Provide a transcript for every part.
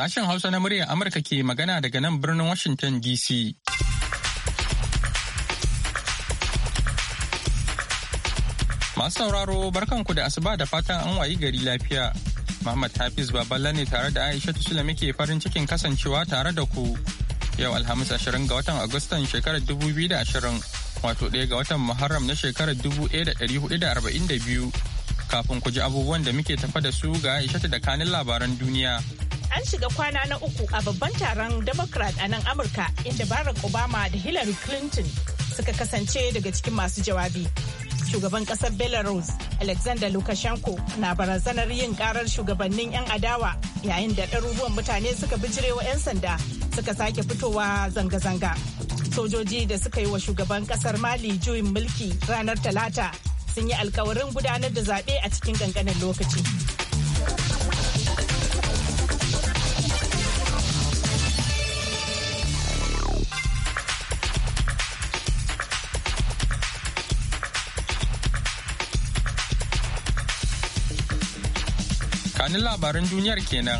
Sashen Hausa na muryar Amurka ke magana daga nan birnin Washington DC. Masu sauraro barkanku da asuba da fatan an wayi gari lafiya. Muhammad Hafiz Baballa ne tare da Aisha Tusula muke farin cikin kasancewa tare da ku. Yau Alhamis 20 ga watan Agustan shekarar 2020 wato ɗaya ga watan Muharram na shekarar da da da biyu Kafin ku ji abubuwan da muke tafa da su ga Aisha da kanin labaran duniya. an shiga kwana na uku a babban taron democrat a nan amurka inda barack obama da hillary clinton suka kasance daga cikin masu jawabi shugaban kasar belarus alexander lukashenko na barazanar yin karar shugabannin 'yan adawa yayin da ɗaruruwan mutane suka bijirewa 'yan sanda suka sake fitowa zanga-zanga sojoji da suka yi wa shugaban kasar mali juyin mulki ranar talata sun yi alkawarin gudanar da zaɓe a cikin ƙanƙanin lokaci kanin labaran duniyar kenan.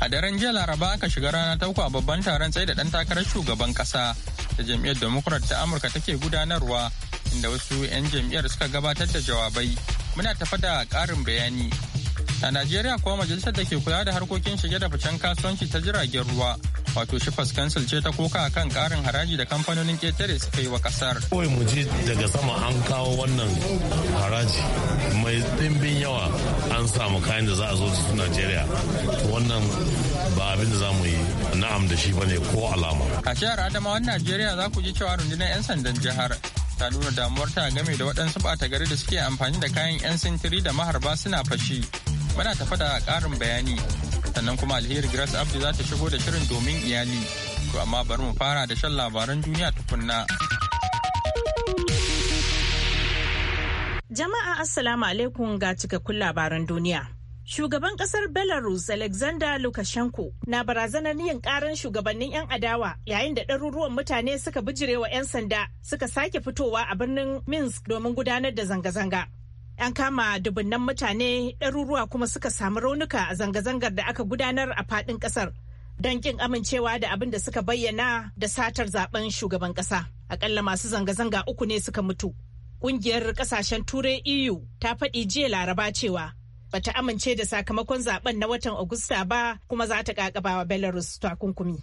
A daren jiya Laraba aka shiga rana ta uku a babban taron tsaye da ɗan takarar shugaban ƙasa da jam'iyyar Democrat ta Amurka take gudanarwa inda wasu 'yan jam'iyyar suka gabatar da jawabai. Muna tafa da ƙarin bayani. A Najeriya kuwa majalisar da ke kula da harkokin shige da ficen kasuwanci ta jiragen ruwa wato shifas kansil ce ta koka kan karin haraji da kamfanonin ketare suka yi wa kasar. Kawai mu ji daga sama an kawo wannan haraji mai ɗimbin yawa an samu kayan da za a zo da su najeriya wannan ba abin da za mu yi na'am da shi bane ko alama a jihar wani najeriya za ku ji cewa rundunar 'yan sandan jihar ta nuna ta game da waɗansu ɓata gari da suke amfani da kayan 'yan sintiri da maharba suna fashi muna tafa da ƙarin bayani sannan kuma alheri grace abdi za ta shigo da shirin domin iyali to amma bari mu fara da shan labaran duniya tukunna Jama'a Assalamu alaikum ga cikakkun labaran duniya. Shugaban kasar Belarus Alexander Lukashenko na barazanar yin karin shugabannin 'yan adawa yayin da ɗaruruwan mutane suka bijirewa 'yan sanda suka sake fitowa a birnin Minsk domin gudanar da zanga-zanga. yan kama dubunnan mutane ɗaruruwa kuma suka samu raunuka a zanga-zangar da aka gudanar a faɗin ƙasar don ƙin amincewa da abin da suka bayyana da satar zaben shugaban ƙasa. Aƙalla masu zanga-zanga uku ne suka mutu. ƙungiyar ƙasashen Turai EU ta faɗi jiya Laraba cewa bata amince da sakamakon zaben na watan Agusta ba kuma za ta wa Belarus takunkumi.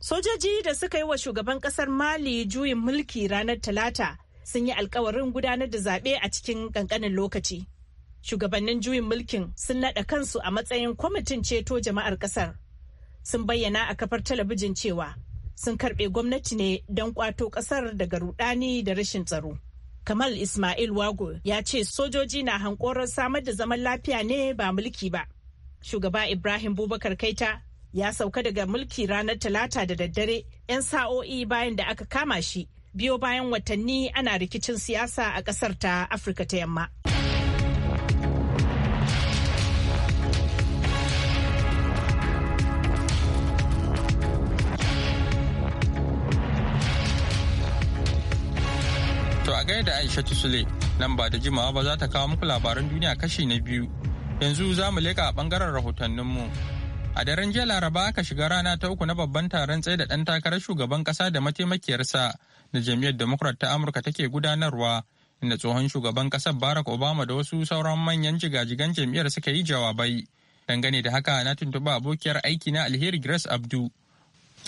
Sojoji da suka yi wa shugaban kasar Mali juyin mulki ranar Talata sun yi alkawarin gudanar da zaɓe a cikin ƙanƙanin lokaci. Shugabannin juyin mulkin sun naɗa kansu a matsayin kwamitin ceto jama'ar ƙasar. Sun bayyana a kafar talabijin cewa sun karɓe gwamnati ne don ƙwato ƙasar daga rudani da rashin tsaro. Kamal Ismail Wago ya ce sojoji na hankoron samar da zaman lafiya ne ba mulki ba. Shugaba Ibrahim Bubakar Kaita ya sauka daga mulki ranar Talata da daddare 'yan sa'o'i bayan da aka kama shi biyo bayan watanni ana rikicin siyasa a ƙasar ta Afirka ta Yamma. gaida Aisha Sule nan ba da jimawa ba za ta kawo muku labaran duniya kashi na biyu. Yanzu za mu leka bangaren rahotannin rahotanninmu. A daren jiya Laraba aka shiga rana ta uku na babban taron tsaye da ɗan takarar shugaban ƙasa da mataimakiyarsa da jam'iyyar Democrat ta Amurka take gudanarwa inda tsohon shugaban ƙasar Barack Obama da wasu sauran manyan jigajigan jam'iyyar suka yi jawabai. Dangane da haka na tuntuɓa abokiyar aiki na Alheri Grace Abdu.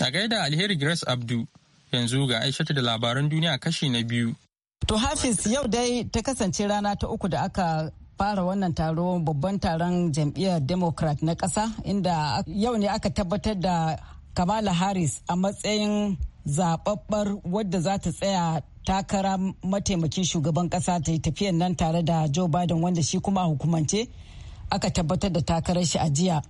A gaida Alheri Grace Abdu yanzu ga Aishatu da labaran duniya kashi na biyu. To Hafiz yau dai ta kasance rana ta uku da aka fara wannan taro babban taron jam'iyyar Democrat na ƙasa inda yau ne aka tabbatar da Kamala Harris a matsayin zababbar wadda za ta tsaya takara mataimakin shugaban ƙasa ta yi tafiyan nan tare da Joe Biden wanda shi kuma a hukumance aka tabbatar da takarar shi a jiya.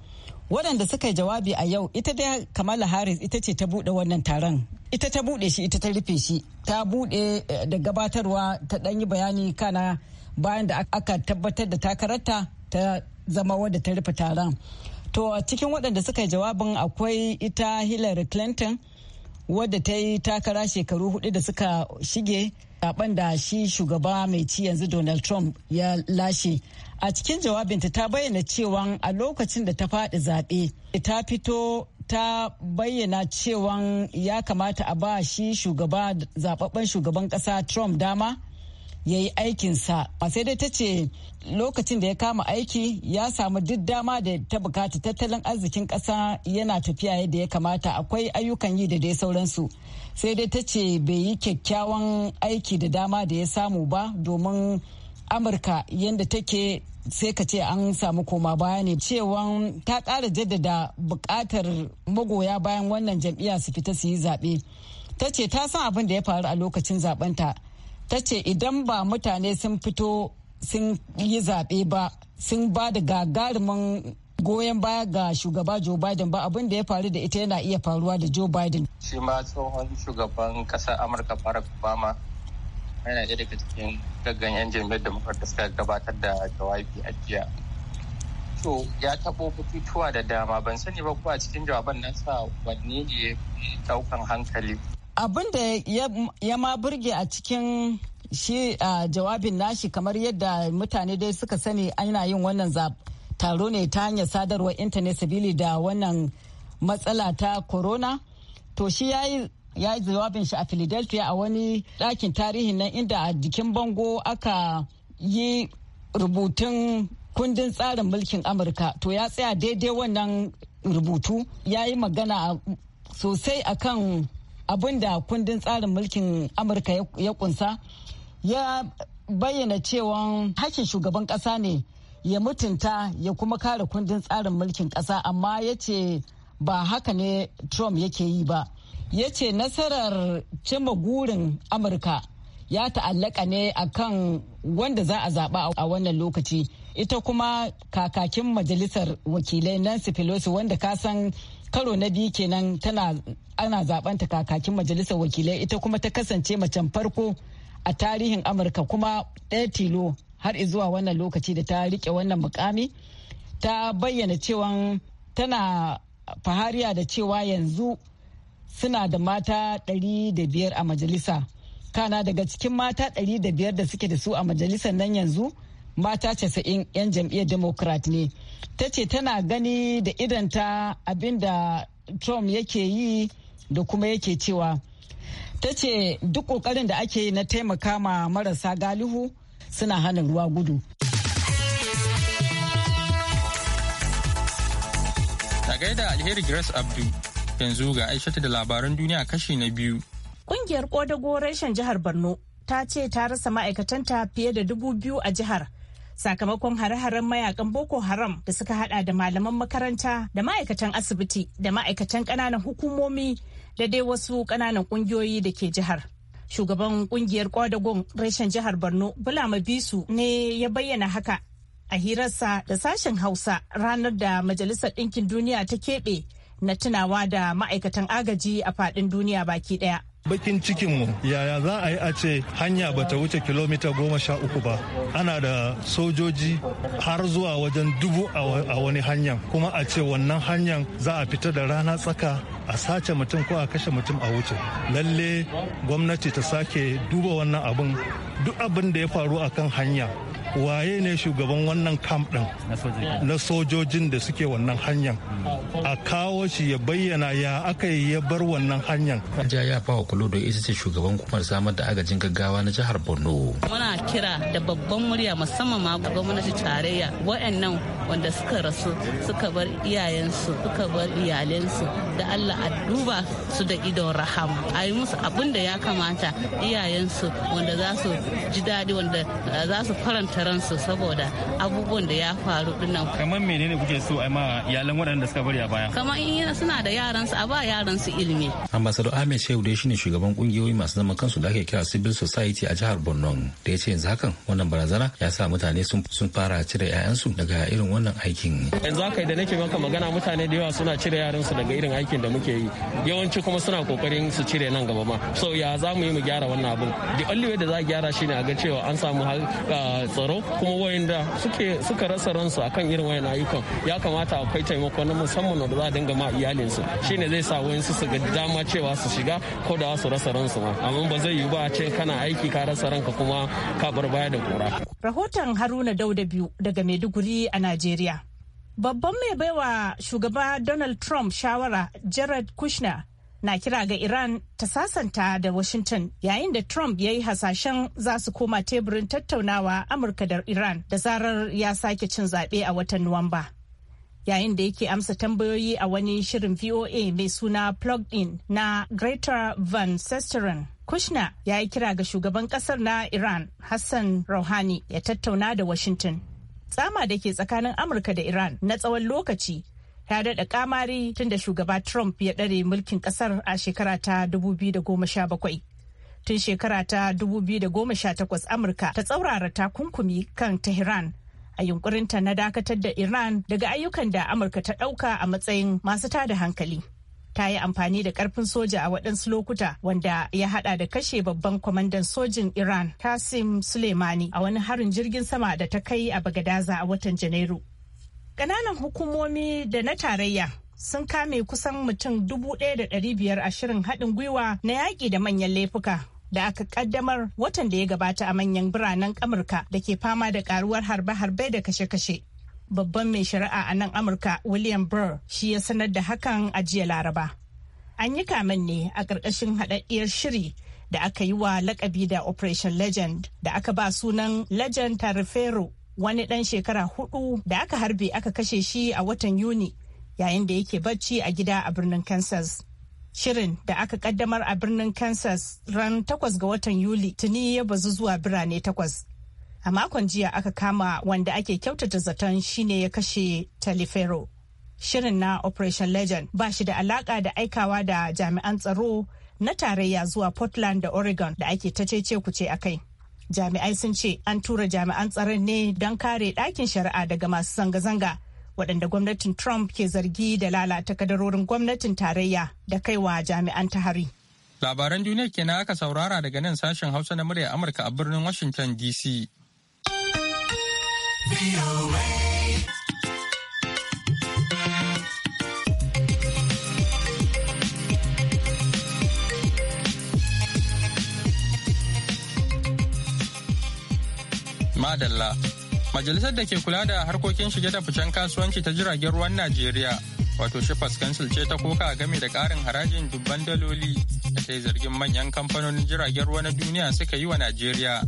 waɗanda suka yi jawabi a yau ita dai kamala harris ita ce ta buɗe wannan taron ita ta buɗe shi ita ta rufe shi ta buɗe eh, da gabatarwa ta ɗan yi bayani kana bayan da aka tabbatar da takararta ta zama wadda ta rufe taron to a cikin waɗanda suka yi jawabin akwai ita hillary clinton wadda ta yi takara shekaru hudu da suka shige zaben da shi shugaba mai ci yanzu donald trump ya lashe a cikin jawabinta ta bayyana cewa a lokacin da ta faɗi zaɓe ta fito ta bayyana cewa ya kamata a ba shi shugaba zababben shugaban ƙasa trump dama ya yi aikinsa sai dai ta ce lokacin da ya kama aiki ya samu duk dama da ta bukata tattalin arzikin ƙasa yana tafiya yadda ya kamata akwai ayyukan yi da dai sauransu sai dai ta ce bai yi kyakkyawan aiki da dama da ya samu ba domin amurka yadda take sai ka ce an samu koma baya ne cewa ta ƙara jaddada bukatar magoya bayan wannan jam'iyya su fita su yi zaɓe ta ce ta san abin da ya faru a lokacin zaɓenta ta ce idan ba mutane sun fito sun yi zaɓe ba sun ba da gagarumin goyon baya ga shugaba Joe Biden ba abin da ya faru da ita yana iya faruwa da Joe Biden. Shi ma tsohon shugaban ƙasar Amurka Barack Obama yana ɗaya daga cikin gaggan yan jami'ar da muka suka gabatar da jawabi a jiya to ya taɓo batutuwa da dama ban sani ba ko a cikin jawaban nasa wanne ne ɗaukan hankali abin da ya ma burge a cikin shi jawabin nashi kamar yadda mutane dai suka sani ana yin wannan taro ne ta hanyar sadarwar intanet sabili da wannan matsala ta corona to shi ya yi ya yi jawabin shi a Philadelphia a wani ɗakin tarihi nan inda a jikin bango aka yi rubutun kundin tsarin mulkin Amurka to ya tsaya daidai wannan rubutu ya yi magana sosai akan abin da kundin tsarin mulkin Amurka ya kunsa ya bayyana cewa hakin shugaban ƙasa ne ya mutunta ya kuma kare kundin tsarin mulkin ƙasa amma ya ce ba haka ne Trump yake yi ba. ya ce nasarar cima gurin amurka ya ta'allaka ne akan wanda za a zaɓa a wannan lokaci ita kuma kakakin majalisar wakilai nancy pelosi wanda ka san karo na biyu kenan tana ana zaɓanta kakakin majalisar wakilai ita kuma ta kasance macen farko a tarihin amurka kuma ɗaya tilo har zuwa wannan lokaci da ta rike wannan mukami ta bayyana cewa tana fahariya da cewa yanzu suna da mata 500 a majalisa kana daga cikin mata 500 da suke da su a majalisar nan yanzu mata 90 'yan jam'iyyar democrat ne ta ce tana gani da idanta abinda trump yake yi da kuma yake cewa ta ce duk kokarin da ake yi na taimaka ma marasa galihu suna hana ruwa gudu ta gaida alheri grace abdu Yanzu ga Aishatu da labaran duniya kashi na biyu. Kungiyar Kodago reshen jihar Borno ta ce ta rasa ma'aikatanta fiye da dubu biyu a jihar. sakamakon hare-haren mayakan boko haram da suka hada da malaman makaranta da ma'aikatan asibiti da ma'aikatan ƙananan hukumomi da dai wasu ƙananan ƙungiyoyi da ke jihar shugaban kungiyar kwadagon reshen jihar borno bulama bisu ne ya bayyana haka a hirarsa da sashen hausa ranar da majalisar ɗinkin duniya ta keɓe na tunawa da ma'aikatan agaji a faɗin duniya baki ɗaya. bakin cikinmu yaya za a yi a ce hanya bata wuce kilomita goma sha uku ba ana da sojoji har zuwa wajen dubu a wani hanya kuma a ce wannan hanyar za a fita da rana tsaka a sace mutum ko a kashe mutum a wuce lalle gwamnati ta sake duba wannan abin duk abin da ya faru a kan hanya waye ne shugaban wannan camp din na sojojin da suke wannan hanyar a kawo shi ya bayyana ya aka yi ya bar wannan hanyar ja ya fawa kulodo ita ce shugaban kumar samar da agajin gaggawa na jihar borno muna kira da babban murya musamman ma gwamnati tarayya wa'annan wanda suka rasu suka bar iyayensu suka bar iyalensu da allah a duba su da idon rahama a yi musu abin da ya kamata iyayensu wanda za su ji daɗi wanda za su faranta ta ransu saboda abubuwan da ya faru dinnan. Kamar menene kuke so a ma iyalan waɗanda suka bari a baya? Kamar in suna da yaran su a ba yaran su ilimi. Ambassador Ahmed Shehu dai shine shugaban kungiyoyi masu zaman kansu da ake kira Civil Society a jihar Borno da ya ce yanzu hakan wannan barazana ya sa mutane sun fara cire 'ya'yansu daga irin wannan aikin. Yanzu haka da nake maka magana mutane da yawa suna cire yaransu daga irin aikin da muke yi yawanci kuma suna kokarin su cire nan gaba ma so ya za mu yi mu gyara wannan abin the only way da za a gyara shine a ga cewa an samu ah, tsaro tsaro kuma wayanda suke suka rasa ransu akan irin wayan ayyukan ya kamata akwai taimako na musamman da za a dinga ma iyalinsu shi ne zai sa wayansu su ga dama cewa su shiga ko da su rasa ransu ma amma ba zai yi ba a ce kana aiki ka rasa ranka kuma ka bar baya da kura rahoton haruna dauda biyu daga maiduguri a najeriya babban mai baiwa shugaba donald trump shawara jared kushner na kira ga Iran ta sasanta da Washington yayin da Trump ya yi hasashen za su koma teburin tattaunawa Amurka da Iran da zarar ya sake cin zaɓe a watan Nuwamba. Yayin da yake amsa tambayoyi a wani shirin VOA mai suna Plugged In na Greater Van Sesteren. Kushner ya yi kira ga shugaban kasar na Iran Hassan Rouhani ya tattauna da Washington. Tsama da ke tsakanin Amurka da Iran na tsawon lokaci ta daɗe kamari tunda shugaba Trump ya ɗare mulkin ƙasar a shekara ta 2017. Tun shekara ta 2018 Amurka ta tsaurara takunkumi kan Tehran a yunkurinta na dakatar da Iran daga ayyukan da Amurka ta ɗauka a matsayin masu tada hankali. ta yi amfani da karfin soja a waɗansu lokuta wanda ya haɗa da kashe babban kwamandan sojin iran kasim suleimani a wani harin jirgin sama da ta kai a bagadaza a watan janairu Ƙananan hukumomi da na tarayya sun kame kusan mutum dubu da biyar a shirin haɗin gwiwa na yaƙi da manyan laifuka. da aka ƙaddamar watan da ya gabata a manyan biranen amurka da ke fama da karuwar harbe-harbe da kashe-kashe babban mai shari'a a nan amurka william burr shi ya sanar da hakan a jiya laraba an yi kamen ne a ƙarƙashin haɗaɗɗiyar shiri da aka yi wa lakabi da operation legend da aka ba sunan legend tarifero wani dan shekara hudu da aka harbe aka kashe shi a watan Yuni yayin da yake bacci a gida a birnin Kansas. Shirin da aka kaddamar a birnin Kansas ran takwas ga watan Yuli tuni ya bazu zuwa birane takwas. A makon jiya aka kama wanda ake kyautata zaton shine ya kashe Talifero. Shirin na Operation Legend ba shi da alaka da aikawa da jami'an tsaro na tarayya zuwa Portland da Oregon da ake ta cece kuce a kai. jami'ai sun ce an tura jami'an tsaron ne don kare ɗakin shari'a daga masu zanga-zanga waɗanda gwamnatin trump ke zargi da lalata kadarorin gwamnatin tarayya da kaiwa jami'an ta hari labaran duniya kenan aka saurara daga nan sashen hausa na murya amurka a birnin washington dc adalla Majalisar da ke kula da harkokin shige da ficen kasuwanci ta jiragen ruwan Najeriya, wato Shippers Council ce ta koka game da karin harajin dubban daloli da ta zargin manyan kamfanonin jiragen ruwa na duniya suka yi wa Najeriya.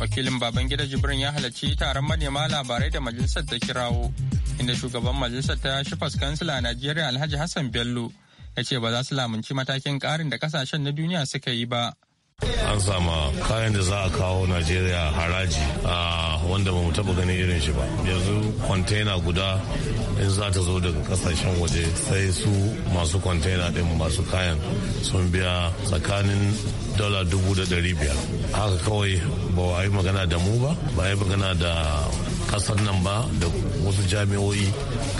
Wakilin Babangida Jibrin ya halarci taron manema labarai da majalisar ta kirawo, inda shugaban majalisar ta Shippers Council a Najeriya Alhaji Hassan Bello ya ce ba za su lamunci matakin ƙarin da kasashen na duniya suka yi ba. an sama kayan da za a kawo najeriya haraji a wanda ba mu taba ganin irin shi ba yanzu kwantena guda in za ta zo daga kasashen waje sai su masu kwantena din masu kayan sun biya tsakanin dala dubu da dari biyar haka kawai ba a yi magana da mu ba ba a yi magana da kasar nan ba da wasu jami'o'i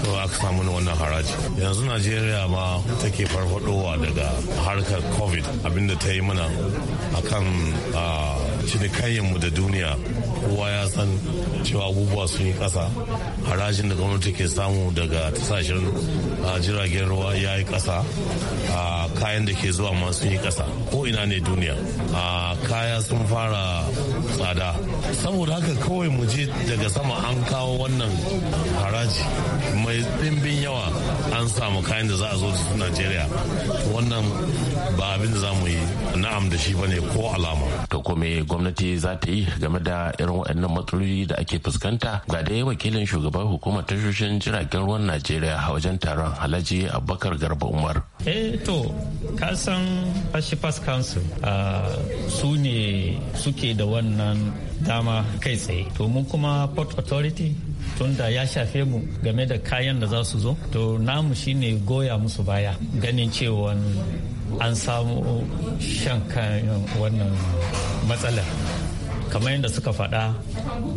kawai aka samu na wannan haraji yanzu najeriya ma take farfadowa daga harkar covid abinda ta yi mana akan mu da duniya kowa ya san cewa abubuwa sun yi kasa harajin da gwamnati ke samu daga tasashen jiragen ruwa ya yi kasa kayan da ke zuwa ma sun yi kasa ko ina ne duniya a kaya sun fara tsada saboda haka kawai mu je daga sama an kawo wannan haraji mai ɗimbin yawa an samu kayan da za a zo cikin su najeriya wannan ba abin da za mu yi na'am da shi bane ko alama to komai gwamnati za ta yi game da irin waɗannan matsaloli da ake fuskanta ga dai wakilin shugaban hukumar tashoshin jiragen ruwan najeriya a wajen taron alhaji abubakar garba umar eh to kasan pacific council ah, su ne suke da wannan dama kai tsaye to mun kuma port authority tunda ya shafe mu game da kayan da za su zo to namu shine goya musu baya ganin cewa an samu shan kayan wannan matsalar kamar yadda suka faɗa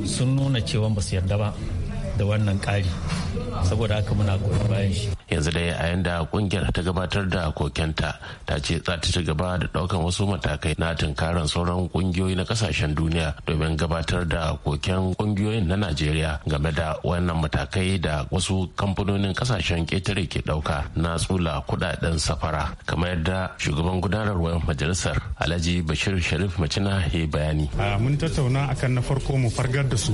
sun nuna cewa ba su yarda ba da wannan ƙari saboda haka muna goyon bayan shi yanzu dai a yanda kungiyar ta gabatar da kokenta ta ce za ta ci gaba da daukan wasu matakai na tunkaran sauran kungiyoyi na kasashen duniya domin gabatar da koken kungiyoyin na najeriya game da wannan matakai da wasu kamfanonin kasashen ketare ke dauka na tsula kudaden safara kamar yadda shugaban gudanarwar majalisar alhaji bashir sharif macina ya bayani mun tattauna akan na farko mu fargar da su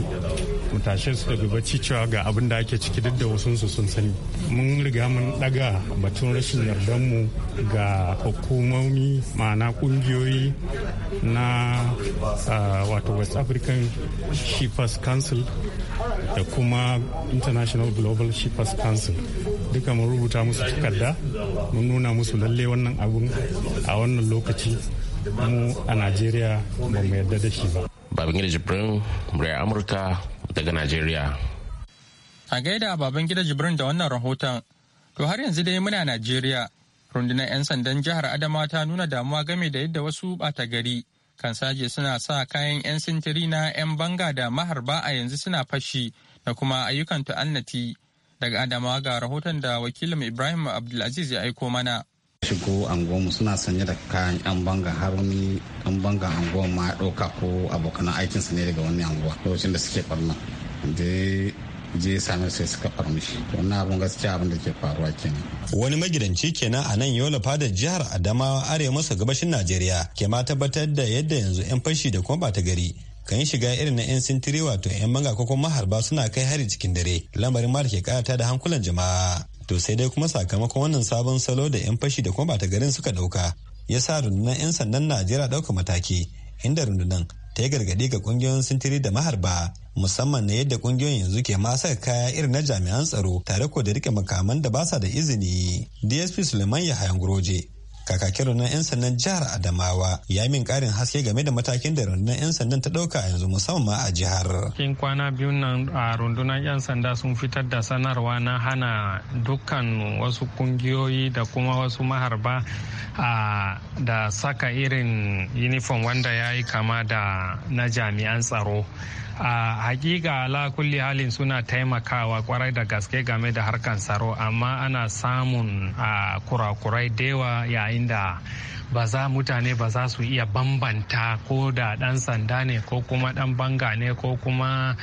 mu tashe su daga bacci cewa ga abin da ake ciki duk da wasu sun sani mun riga mun daga batun rashin mu ga hukumomi ma'ana kungiyoyi na wato west african shippers council da kuma international global shippers council duka mun rubuta musu takarda mun nuna musu lalle wannan abun a wannan lokaci mu a najeriya ba mu yarda da shi ba babangida jibrin amurka daga najeriya A gaida baban gida Jibrin da wannan rahoton. To har yanzu dai muna Najeriya. Rundunar 'yan sandan jihar Adama ta nuna damuwa game da yadda wasu bata gari kan saje suna sa kayan 'yan sintiri na 'yan banga da maharba a yanzu suna fashi da kuma ayyukan ta'annati. Daga Adamawa ga rahoton da wakilin Ibrahim Abdulaziz ya aiko mana. shigo anguwanmu suna sanye da kayan yan banga har wani yan banga angon ma ɗauka ko abokan aikinsa ne daga wani anguwa lokacin da suke ɓarna je ya same su suka far mishi to wannan abun gaskiya abin da ke faruwa kenan wani magidanci kenan a nan yola fadar jihar adamawa arewa masa gabashin najeriya ke ma tabbatar da yadda yanzu yan fashi da kuma bata gari kan shiga irin na yan sintiri wato yan manga ko kuma maharba suna kai hari cikin dare lamarin ma ke kayata da hankulan jama'a to sai dai kuma sakamakon wannan sabon salo da yan fashi da kuma bata garin suka dauka ya sa rundunar yan sandan najeriya dauka mataki inda rundunar ta yi gargaɗi ga ƙungiyoyin sintiri da maharba musamman na yadda ƙungiyoyin yanzu ke masa kaya irin na jami'an tsaro tare ko da rike makaman da ba sa da izini dsp suleiman yahayan kakakin rundunar 'yan sandan jihar adamawa ya min karin haske game da matakin da rundunar 'yan sandan ta dauka yanzu musamman a jihar cikin kwana biyu nan a rundunar 'yan sanda sun fitar da sanarwa na hana dukkan wasu kungiyoyi da kuma wasu maharba da saka irin uniform wanda ya yi kama da na jami'an tsaro a hakika ala kulli halin suna taimakawa kwarai da gaske game da harkan tsaro amma ana samun kurakurai dewa yayin da ba za mutane ba za su iya bambanta ko da dan sanda ne ko kuma dan banga ne ko kuma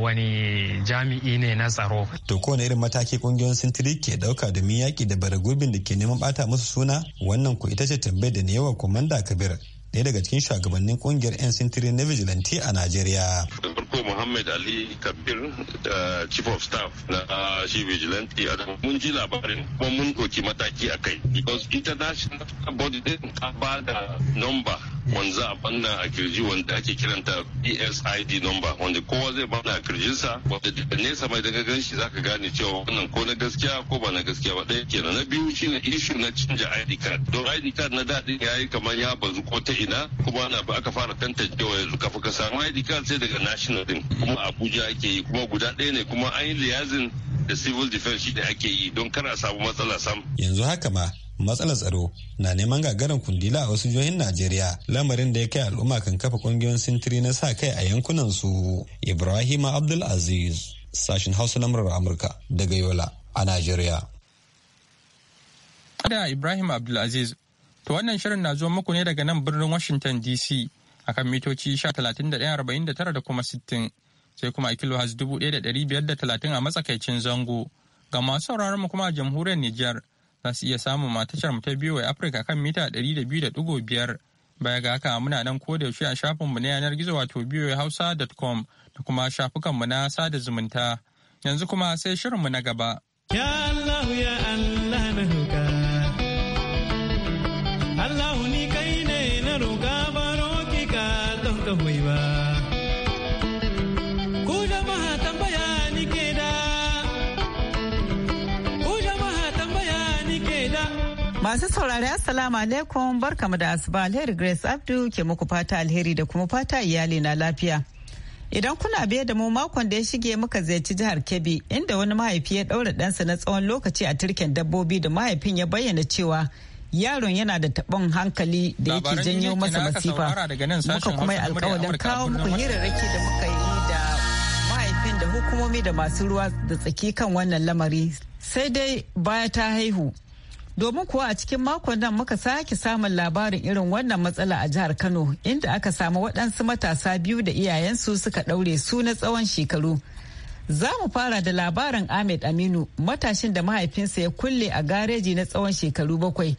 wani jami'i ne na tsaro. To kowane irin mataki kungiyoyin sintiri ke dauka da yaki da baragobin da ke neman bata musu suna wannan ku ita ce tambayar da ne yawa komanda kabir ɗaya daga cikin shugabannin kungiyar 'yan sintiri na vigilante a najeriya farko Muhammad Ali Kabir da Chief of Staff na shi vigilante a mun ji labarin kuma mun ɗauki mataki a kai because international body ta ba da number wanda a banna a kirji wanda ake kiranta PSID number wanda kowa zai banna a kirjinsa wanda da nesa mai daga gan shi zaka gane cewa wannan ko na gaskiya ko ba na gaskiya ba ɗaya kenan na biyu shine issue na canja ID card don ID card na daɗin yi kamar ya bazu ko ta ina kuma ana aka fara tantancewa yanzu kafa ka samu ID card sai daga national din kuma Abuja ake yi kuma guda ɗaya ne kuma an yi liyazin da civil defense shi da ake yi don kar a samu matsala sam yanzu haka ma matsalar tsaro na neman gagarin kundila a wasu jihohin najeriya lamarin da ya kai al'umma kan kafa kungiyoyin sintiri na sa kai a yankunan su ibrahim abdul aziz sashin hausa na murar amurka daga yola a najeriya da ibrahim abdulaziz to wannan shirin na zo muku ne daga nan birnin washington dc akan mitoci talatin da kuma 60 sai kuma a kilo has 1,530 a matsakaicin zango ga masu sauraron mu kuma a jamhuriyar nijar za su iya samun matashar mu ta biyu wa Afirka kan mita ɗari da da biyar baya ga haka muna nan ko da yaushe a shafinmu na yanar gizo wato Hausa com da kuma shafukanmu na sada zumunta yanzu kuma sai shirinmu na gaba. Ya Allah ya Masu saurari Assalamu alaikum barkamu da asuba alheri Grace Abdu ke muku fata alheri da kuma fata iyali na lafiya. Idan kuna biye da mu makon da ya shige muka ziyarci jihar Kebbi inda wani mahaifi ya ɗaura ɗansa na tsawon lokaci a turken dabbobi da mahaifin ya bayyana cewa yaron yana da taɓon hankali da yake janyo masa masifa. Muka kuma yi alkawalin kawo muku hirarraki da muka yi da mahaifin da hukumomi da masu ruwa da tsaki kan wannan lamari. Sai dai baya ta haihu. Domin kuwa a cikin makon nan muka sake samun labarin irin wannan matsala a jihar Kano inda aka samu waɗansu matasa biyu da iyayensu suka ɗaure su na tsawon shekaru. Za mu fara da labarin Ahmed Aminu matashin da mahaifinsa ya kulle a gareji na tsawon shekaru bakwai.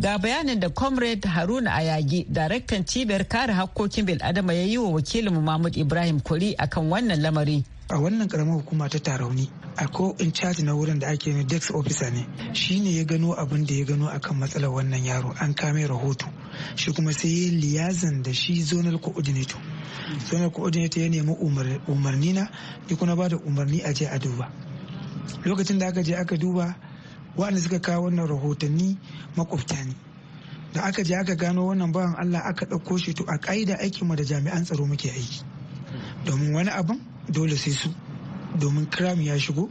Ga bayanin da Comrade Haruna Ayagi, daraktan cibiyar kare hakkokin bil'adama ya yi wa wakilin Mahmud Ibrahim Kuri akan wannan lamari. a wannan karamar hukuma ta tarauni a ko in caji na wurin da ake ne dex officer ne shi ne ya gano abin da ya gano akan matsalar wannan yaro an kame rahoto shi kuma sai ya liyazan da shi zonal coordinator zonal coordinator ya nemi umarni na ni kuna ba da umarni a je a duba lokacin da aka je aka duba wa'anda suka kawo wannan rahotanni makwabta ne da aka je aka gano wannan bawan Allah aka ɗauko shi to a kaida aikinmu da jami'an tsaro muke aiki domin wani abin dole sai su domin kiram ya shigo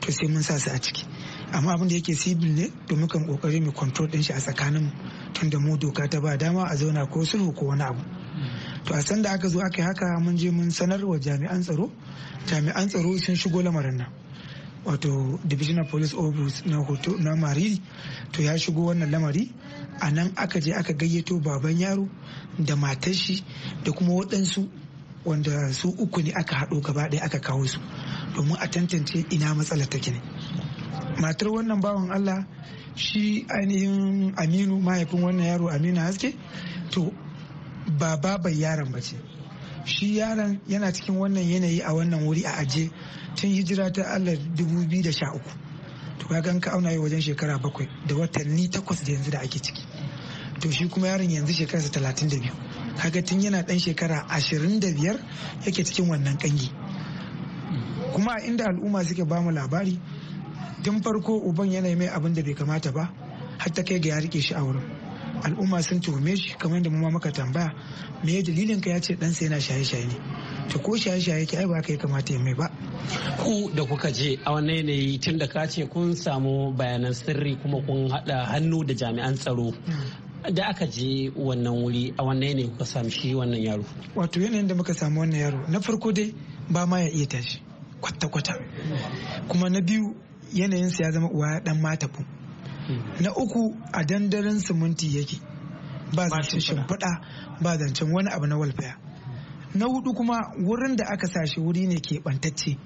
to sai mun sa su a ciki amma abin da yake sibil ne domin kan kokari mu control din shi a tsakanin tunda mu doka ta ba dama a zauna ko sulhu ko wani abu to a san da aka zo aka yi haka mun je mun sanar wa jami'an tsaro jami'an tsaro sun shigo lamarin nan wato division of police obus na hoto na mariri to ya shigo wannan lamari a nan aka je aka gayyato baban yaro da matar shi da kuma waɗansu wanda su uku ne aka haɗo gaba ɗaya aka kawo su domin a tantance ina matsalar take ne matar wannan bawan allah shi ainihin aminu mahaifin wannan yaro aminu haske to ba baban yaron ba ce shi yaron yana cikin wannan yanayi a wannan wuri a aje tun hijira ta allah 2013 to kagan ka auna yi wajen shekara bakwai da watanni takwas da yanzu da ake ciki to shi kuma yaron yanzu shekarsa talatin da kaga tun yana dan shekara ashirin da biyar yake cikin wannan kangi kuma inda al'umma suke bamu labari tun farko uban yana mai abin da bai kamata ba har ta kai ga ya rike shi a wurin al'umma sun tuhume shi kamar yadda muma maka tambaya me dalilin ka ya ce ɗansa yana shaye-shaye ne to ko shaye-shaye ki ai ba kai kamata ya mai ba ku da kuka je a wannan yanayi tun da ka ce kun samu bayanan sirri kuma kun haɗa hannu da jami'an tsaro hmm. da aka je wannan wuri a wannan yanayi kuka sami shi wannan yaro wato yanayin da muka samu wannan yaro na farko dai ba ma ya iya tashi kwata-kwata kuma na biyu yanayinsa ya zama uwa dan matafu na uku a dandaren siminti yake ba zancen shimfiɗa ba zancen wani abu na walfaya na hudu kuma wurin da aka sashi wuri ne ke bantacce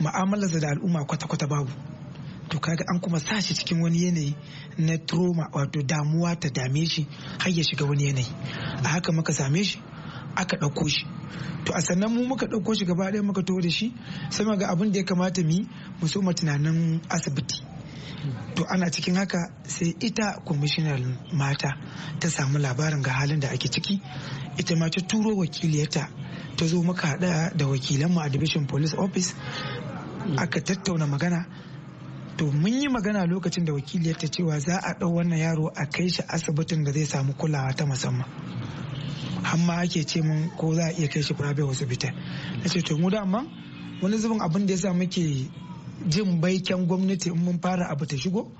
mu'amalarsa da al'umma kwata-kwata babu to kaga an kuma sa cikin wani yanayi na troma wato damuwa ta dame shi har ya shiga wani yanayi a haka muka same shi aka ɗauko shi to a sannan mu muka ɗauko shi gaba ɗaya muka tawo da shi sai ga abin da ya kamata mu mu soma tunanin asibiti to ana cikin haka sai ita kwamishinar mata ta samu labarin ga halin da ake ciki ita ma ta turo wakiliyarta ta zo muka haɗa da wakilanmu a division police office aka tattauna magana to mun yi magana lokacin da wakiliyar ta cewa za a ɗau wannan yaro a kai shi asibitin da zai samu kulawa ta musamman Amma ake ce min ko za a iya kai shi private hospital na ce to mu dama wani zubin abin da ya sa muke jin baiken gwamnati in mun fara abu ta shigo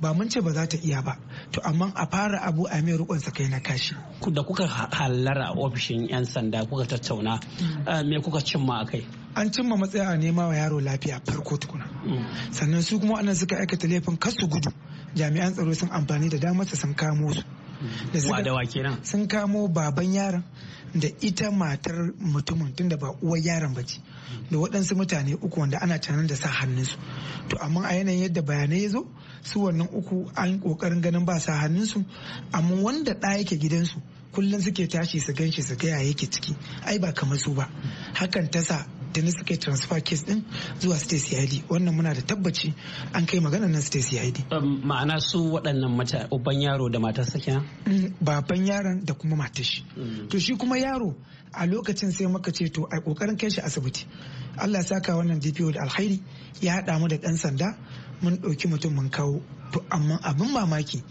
ba mun ce ba za ta iya ba to amma a fara abu a mai rukun sa kai na kashi da kuka hallara ofishin yan sanda kuka tattauna mm. eh, me kuka cimma kai. an cimma matsaya a nema wa yaro lafiya farko tukuna mm. sannan su kuma wannan suka aikata laifin kasu gudu jami'an tsaro sun amfani da damar su sun kamo su da sun kamo baban yaron da ita matar mutumin tunda ba uwar yaron ba ce da waɗansu mutane uku wanda ana canan da sa hannunsu to amma a yanayin yadda bayanai ya zo su wannan uku an ƙoƙarin ganin ba sa hannunsu amma wanda ɗa yake gidansu kullum suke tashi su ganshi su gaya yake ciki ai ba kamar su ba hakan ta sa tuni suka yi transfer case din zuwa stacy id wannan muna da tabbaci an kai magana nan stacy id. Um, ma'ana su waɗannan mata uban yaro da matar sakiya mm, baban yaron da kuma matar shi mm. to shi kuma yaro a lokacin sai muka ce to a kokarin kai shi asibiti Allah saka wannan DPO da alkhairi ya haɗa mu da ɗan sanda mun ɗauki mutum mun kawo to amma abin mamaki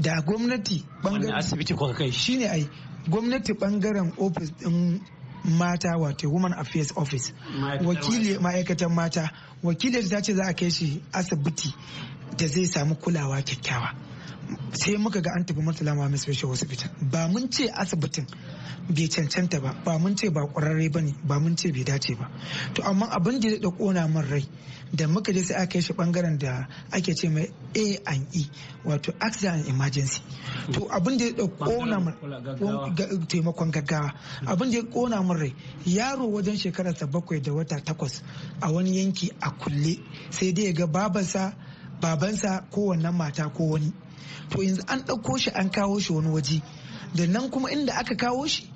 da gwamnati bangaren asibiti kuka kai shine ai gwamnati bangaren ofis din mata wato woman affairs office wakili ma'aikatan mata wakilin ta ce za a kai shi asibiti da zai samu kulawa kyakkyawa sai muka ga an tafi murtala mai special hospital ba mun ce asibitin bai cancanta ba ba mun ce ba kwararre ba ne ba mun ce bai dace ba to amma abin da ya kona min rai da muka je sai aka yi shi bangaren da ake ce mai a and e wato accident and emergency to abin da ya kona min taimakon gaggawa abin da ya kona min rai yaro wajen shekararsa bakwai da wata takwas a wani yanki a kulle sai dai ya ga babansa babansa ko wannan mata ko wani to yanzu an ɗauko shi an kawo shi wani waje da nan kuma inda aka kawo shi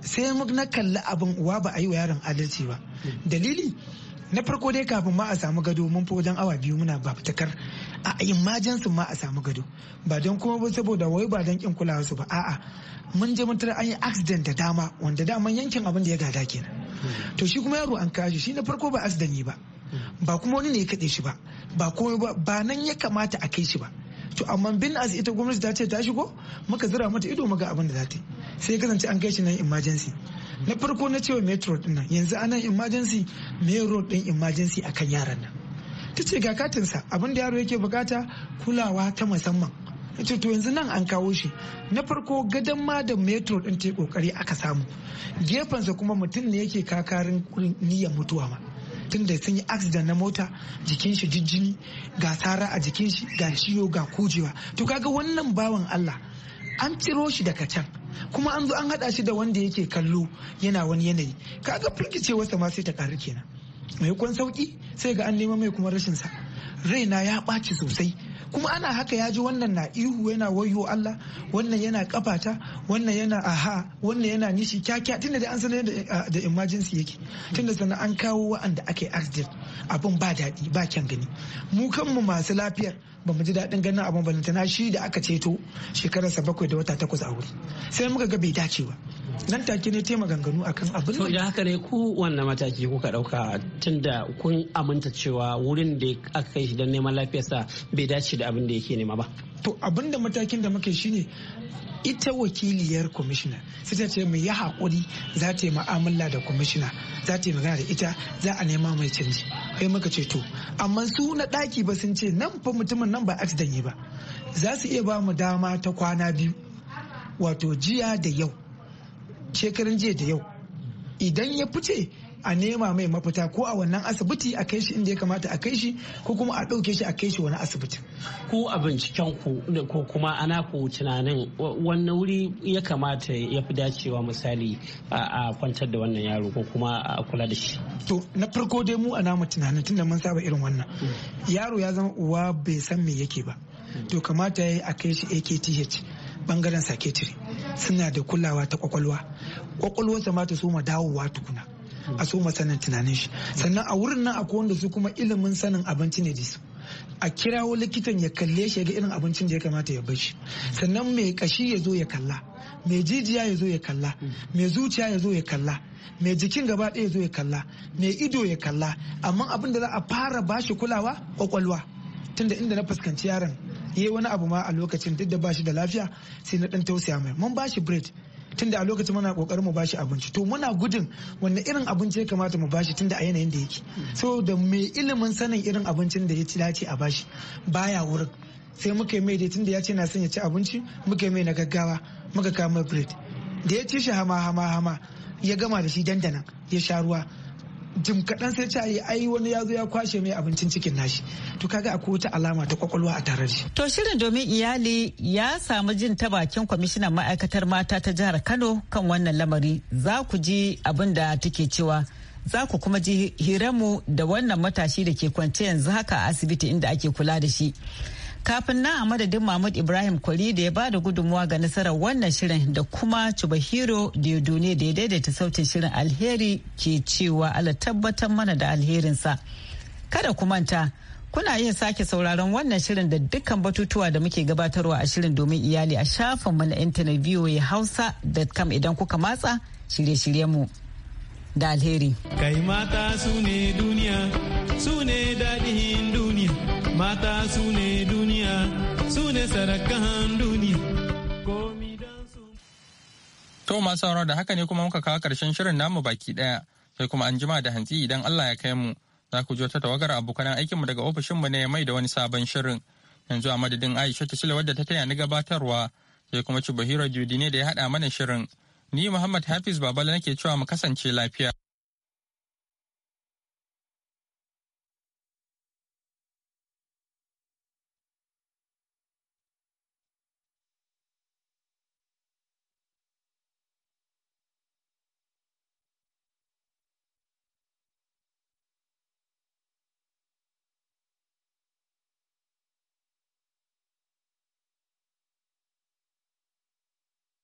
sai na kalli abin uwa ba a yi wa yaron adalci ba dalili na farko dai kafin ma a samu gado mun fi wajen awa biyu muna babtakar a su ma a samu gado ba don kuma ba saboda wai ba don kin kulawa su ba a'a mun je mun tara an yi accident da dama wanda dama yankin abin da ya gada kenan hmm. to shi kuma yaro an kashi shi na farko ba accident ne ba hmm. ba kuma wani ne ya kaɗe shi ba ba komai ba ba nan ya kamata a kai shi ba to amma bin as ita gwamnati ta ce ta shigo muka zira mata ido muga abin da za ta yi sai kasance an kai shi nan emergency na farko na cewa metro din nan yanzu anan emergency me road din emergency akan yaran nan ta ce ga katinsa abin da yaro yake bukata kulawa ta musamman ce to yanzu nan an kawo shi na farko gadon ma da metro din ta kokari aka samu gefensa kuma mutum ne yake kakarin niyyar mutuwa ma tunda sun yi accident na mota jikin shi jijjini ga sara a jikin shi ga ciwo ga kujewa to kaga wannan bawan Allah an ciro shi daga can kuma an zo an hada shi da wanda yake kallo yana wani yanayi kaga firgicewarsa ma sai ta karu kenan mai kwan sauki sai ga an nema mai kuma rashin sa raina ya ɓaci sosai kuma ana haka ya ji wannan na ihu yana wayo Allah wannan yana kafata wannan yana aha wannan yana nishi kyakya tunda da an sanar da emergency yake tunda sannan an kawo wa'anda aka yi accident abin ba daɗi ba kyan gani mu kanmu masu lafiyar ba mu ji daɗin ganin abin balantana shi da aka ceto shekararsa bakwai da wata takwas a wuri sai muka ga bai dace ba nan take ne te maganganu akan abin to haka ne ku wannan mataki kuka dauka tunda kun aminta cewa wurin da aka kai shi don neman lafiyarsa bai dace da abin da yake nema ba to abin da matakin da muke shine ita wakiliyar kwamishina sai ta ce mu yi haƙuri za ta yi ma'amala da kwamishina za ta yi magana da ita za a nema mai canji kai muka ce to amma su na ɗaki ba sun ce nan fa mutumin nan ba accident yi ba za su iya ba mu dama ta kwana biyu wato jiya da yau shekarun jiya da yau idan ya fice a nema mai mafita ko a wannan asibiti a kai shi inda ya kamata a kai shi ko kuma a ɗauke shi a kai shi wani asibiti. Ko a binciken ku ko kuma ana ku tunanin wanne wuri ya kamata ya fi dacewa misali a kwantar da wannan yaro ko kuma a kula da shi. To na farko dai mu a namu tunanin tunda mun saba irin wannan. Mm. Yaro ya zama uwa bai san me yake ba. Mm. To kamata ya yi a kai shi AKTH. bangaren saketiri suna da kulawa ta kwakwalwa kwakwalwarsa ma ta soma dawowa tukuna a so sanin tunanin shi sannan a wurin nan akwai wanda su kuma ilimin sanin abinci ne disu a kirawo likitan ya kalle shi ga irin abincin da ya kamata ya bar shi sannan mai kashi ya zo ya kalla mai jijiya ya zo ya kalla mai zuciya ya zo ya kalla mai jikin gaba ɗaya ya zo ya kalla mai ido ya kalla amma abin da za a fara bashi kulawa kwakwalwa tunda inda na fuskanci yaron yi wani abu ma a lokacin duk da bashi da lafiya sai na ɗan tausaya mai mun shi bread tunda a lokacin muna kokarin mu bashi abinci to muna gudun wanne irin abinci ya kamata mu bashi tunda a yanayin da yake so da mai ilimin sanin irin abincin da ya ci dace a bashi baya wurin sai muka yi mai dai tunda ya ce na son ya ci abinci muka yi mai na gaggawa muka kama bread da ya ci shi hama hama hama ya gama da shi dandana ya sha ruwa jim kaɗan sai ce yi ai wani ya zo ya kwashe mai abincin cikin nashi to kaga akwai wata alama ta kwakwalwa a tare da to shirin domin iyali ya samu jin ta bakin kwamishinan ma'aikatar mata ta jihar kano kan wannan lamari za ku ji abin da take cewa za ku kuma ji hiramu da wannan matashi da ke kwance yanzu haka a asibiti inda ake kula da shi Kafin na a madadin Mahmud Ibrahim Kwari da ya ba da gudunmuwa ga nasarar wannan shirin da kuma Chubahiro Diodone da ya daidaita sautin shirin alheri ke cewa ala tabbatar mana da alherinsa. Kada ku manta, kuna iya sake sauraron wannan shirin da dukkan batutuwa da muke gabatarwa a shirin domin iyali a mu na intanet voa hausa.com idan kuka matsa shirye-shiryenmu da alheri. Kai mata su ne duniya, su ne daɗin duniya. mata su ne duniya su ne sarakan duniya to masu sauraro da haka ne kuma muka kawo karshen shirin namu baki daya sai kuma an jima da hantsi idan Allah ya kai mu za ku ta tawagar abokan aikinmu daga ofishinmu ne mai da wani sabon shirin yanzu a madadin Aisha Tisila wadda ta taya ni gabatarwa sai kuma Chibahiro Judi ne da ya haɗa mana shirin ni Muhammad Hafiz Babala nake cewa mu kasance lafiya